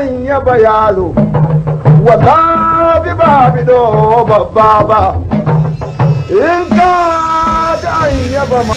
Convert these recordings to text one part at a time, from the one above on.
zan yaba yaro wata bi ba bi do babba ba in ka ta yaba ma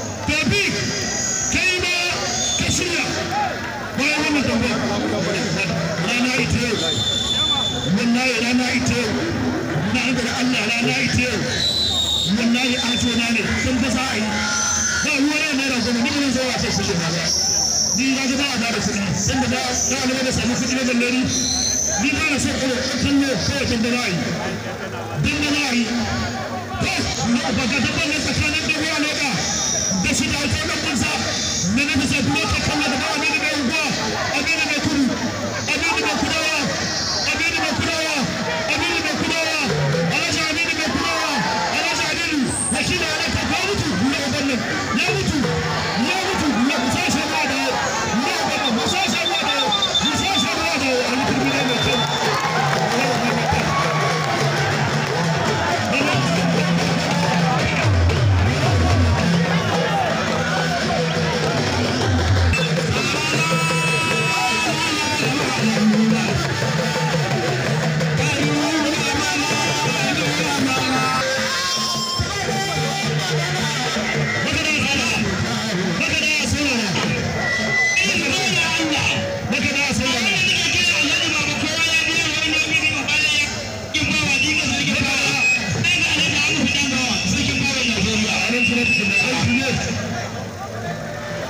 wannan tambayar rana na hanga da Allah rana ita yau wallahi na ba a bada kuɗi sanda da da na son da ne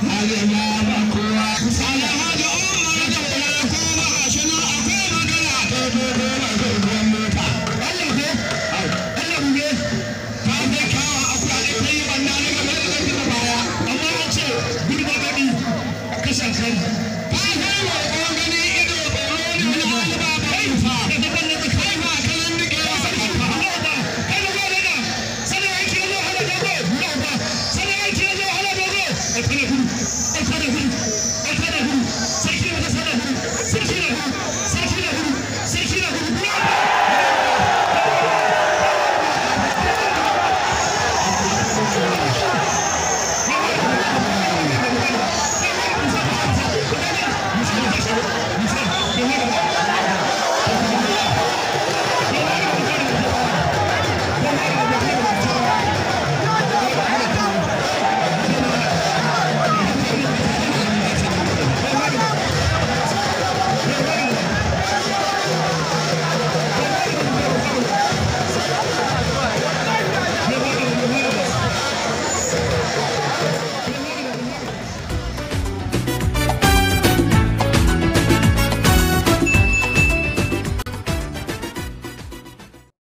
Hallelujah, my God,